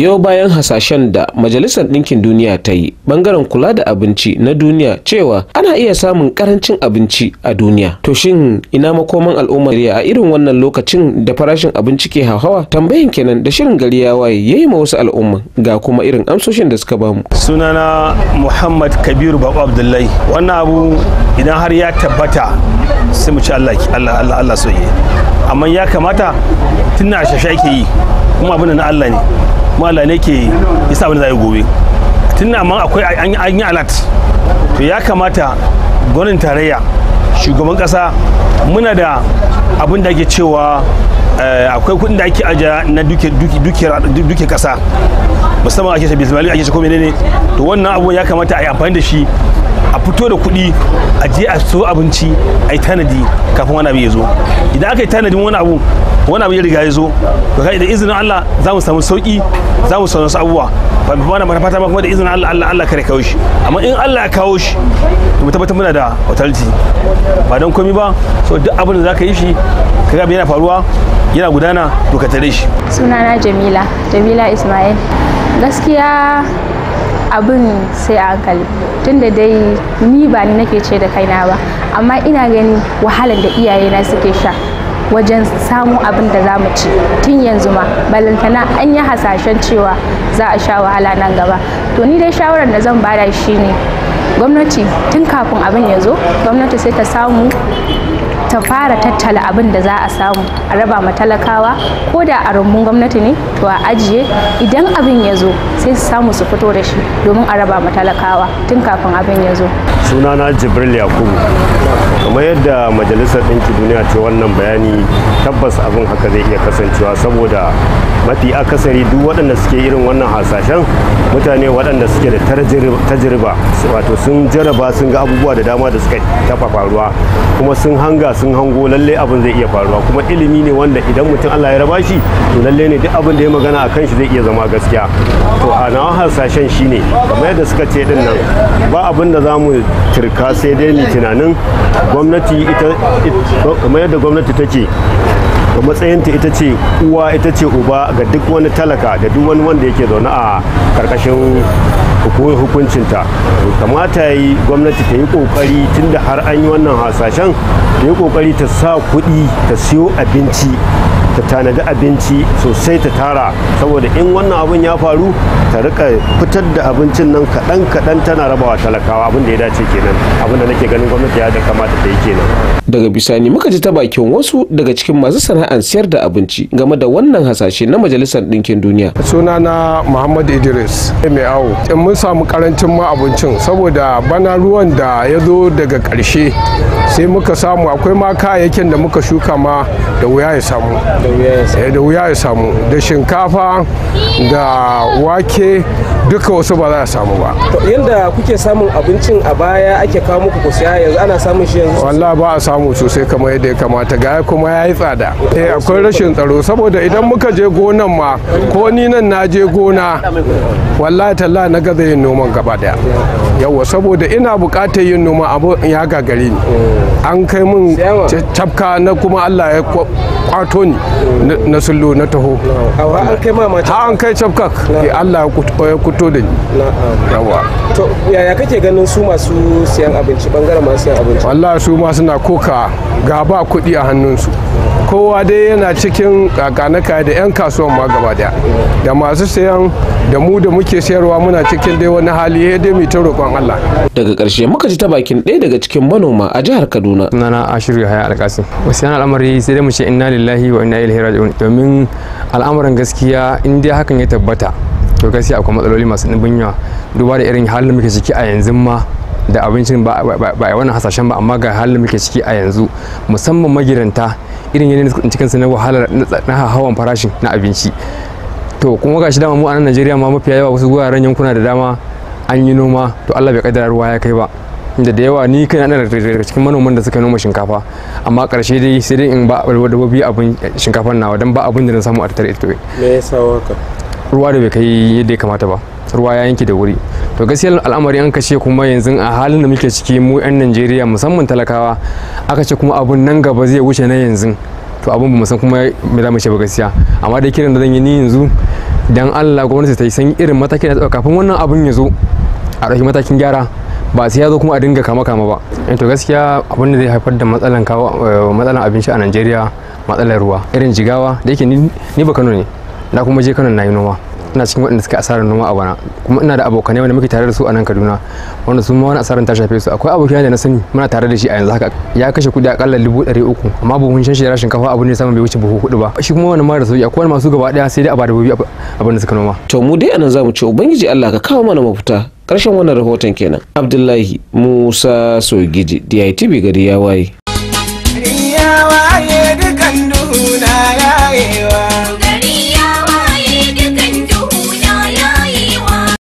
biyo bayan hasashen da majalisar ɗinkin duniya ta yi bangaren kula da abinci na duniya cewa ana iya samun karancin abinci a duniya to shin ina makoman al'ummar a irin wannan lokacin da farashin abinci ke hauhawa tambayin kenan da shirin gari ya waye yayi ma wasu al'umma ga kuma irin amsoshin da suka bamu sunana muhammad kabiru babu abdullahi wannan abu idan har ya tabbata sai mu ci allah allah allah soyayya amma ya kamata tun na shashe ake yi kuma abin na allah ne kuma Allah ne ke isa wani zai gobe tun amma akwai an yi alat to ya kamata gwamnatin tarayya shugaban kasa muna da abin da ake cewa Eh, akwai kuɗin da ake aja na duke kasa musamman ake shabi ismaili ake shi ne ne to wannan abu ya kamata a yi amfani da shi a fito da kuɗi a je a so abinci a yi tanadi kafin wani abu ya zo idan aka yi tanadin wani abu wani abu ya riga ya zo to kai da izinin Allah za mu samu sauki za mu samu abubuwa ba mu bana mata fata ba kuma da izinin Allah Allah Allah kare kawo shi amma in Allah ya kawo shi to mu tabbatar muna da authority ba don komai ba so duk abin da zaka yi shi kaga abin yana faruwa yana gudana to ka tare shi sunana jamila jamila ismail gaskiya abin sai a hankali tunda dai ni ba ni nake ce da kaina ba amma ina gani wahalar da iyaye na suke sha wajen samu abin da za mu ci tun yanzu ma balantana an yi hasashen cewa za a sha wahala nan gaba to ni dai shawarar da zan bada shine gwamnati tun kafin abin ya zo gwamnati sai ta samu ta fara tattala abin da za a samu a raba ma talakawa ko da a rumbun gwamnati ne to a ajiye idan abin ya zo sai su samu su fito da shi domin a raba ma talakawa tun kafin abin ya zo sunana jibril yakubu kamar yadda majalisar ɗinki duniya ce wannan bayani tabbas abin haka zai iya kasancewa saboda mafi akasari duk waɗanda suke irin wannan hasashen mutane waɗanda suke da tajirba wato sun jaraba sun ga abubuwa da dama da suka taɓa faruwa kuma sun hanga sun hango lalle abin zai iya faruwa kuma ilimi ne wanda idan mutum Allah ya raba shi to lalle ne duk abin da ya magana akan shi zai iya zama gaskiya to a nawa hasashen shine kamar yadda suka ce din nan ba abin da za mu turka sai dai mu tunanin gwamnati ita kamar yadda gwamnati take da matsayinta ita ce uwa ita ce uba ga duk wani talaka da duk wani wanda yake zaune a karkashin hukumar hukuncinta kamata ya yi gwamnati ta yi kokari tunda har an yi wannan hasashen ta yi kokari ta sa kuɗi ta siyo abinci ta tanadi abinci sosai ta tara saboda in wannan abin ya faru ta rika fitar da abincin nan kaɗan kaɗan tana rabawa talakawa abin da ya dace kenan abin da nake ganin gwamnati ya da kamata ta yi kenan daga bisani muka ji ta bakin wasu daga cikin masu sana'an siyar da abinci game da wannan hasashe na majalisar ɗinkin duniya suna na muhammad idris mai awo in mun samu karancin ma abincin saboda bana ruwan da ya zo daga karshe sai muka samu akwai ma kayayyakin da muka shuka ma da wuya ya samu Eh, da wuya ya samu da shinkafa da wake duka wasu ba za a samu ba yadda kuke samun abincin a baya ake kawo muku ku siya yanzu ana samun shi yanzu wallahi ba a samu sosai kama yadda ya kamata ga kuma ya yi tsada eh akwai rashin tsaro saboda idan muka je gonan ma ko ni nan na je gona wallahi talla na gaza yin noman gaba daya yawa saboda ina bukatar yin noma abu ya gagare ni an kai min cafka na kuma Allah ya kwato ni na sullo na taho ha an kai mama ha an kai cafka eh, Allah ya kuto da ni yawa to yaya kake ganin su masu siyan abinci bangaren masu siyan abinci wallahi su ma suna koka ga ba kuɗi a hannunsu kowa dai yana cikin kakanaka da 'yan kasuwan ma gaba daya da masu sayan da mu da muke sayarwa muna cikin dai wani hali ya eh, dai mai ta roƙon Allah daga ƙarshe muka ji ta bakin ɗaya daga cikin manoma a jihar Kaduna sunana Ashiru Yahaya Alƙasim wasu yana al'amari sai dai mu ce inna lillahi wa inna ilaihi raji'un domin al'amuran gaskiya in dai hakan ya tabbata to gaskiya akwai matsaloli masu ɗimbin yawa duba da irin halin muke ciki a yanzu ma da abincin ba a wannan hasashen ba amma ga halin muke ciki a yanzu musamman magiranta irin yanayin cikin su na wahalar na hawan farashin na abinci to kuma shi dama mu a nan Najeriya ma mafiya yawa wasu guraren yankuna da dama an yi noma to Allah bai kaddara ruwa ya kai ba da da yawa ni kai na daga cikin manoman da suka noma shinkafa amma karshe dai sai dai in ba dabbobi abin shinkafar nawa dan ba abin da na samu a tattare ita me yasa haka ruwa da bai kai yadda ya kamata ba ruwa ya yanke da wuri to gaskiya al'amari an kashe kuma yanzu a halin da muke ciki mu 'yan najeriya musamman talakawa aka ce kuma abun nan gaba zai wuce na yanzu to abun ba san kuma me za mu ce ba gaskiya amma dai kiran da zan yi ni yanzu dan Allah gwamnati ta yi san irin matakin da kafin wannan abun ya zo a ɗauki matakin gyara ba sai ya zo kuma a dinga kama kama ba in eh to gaskiya abun da zai haifar da matsalan kawo eh, matsalan abinci a Najeriya matsalar ruwa irin jigawa da yake ni ba Kano ne na kuma je Kano na yi noma ina cikin waɗanda suka asarar noma a bana kuma ina da abokanai wanda muke tare da su a nan Kaduna wanda su ma wani asarar ta shafe su akwai abokina da na sani muna tare da shi a yanzu haka ya kashe kuɗi akalla dubu ɗari uku amma buhun shan shirya shinkafa abu ne samun bai wuce buhu hudu ba shi kuma wani mara sauki akwai masu gaba ɗaya sai dai a ba dabbobi abin da suka noma. to mu dai anan zamu ce ubangiji Allah ka kawo mana mafita karshen wannan rahoton kenan abdullahi musa sogiji ditv gari ya waye. ya waye dukan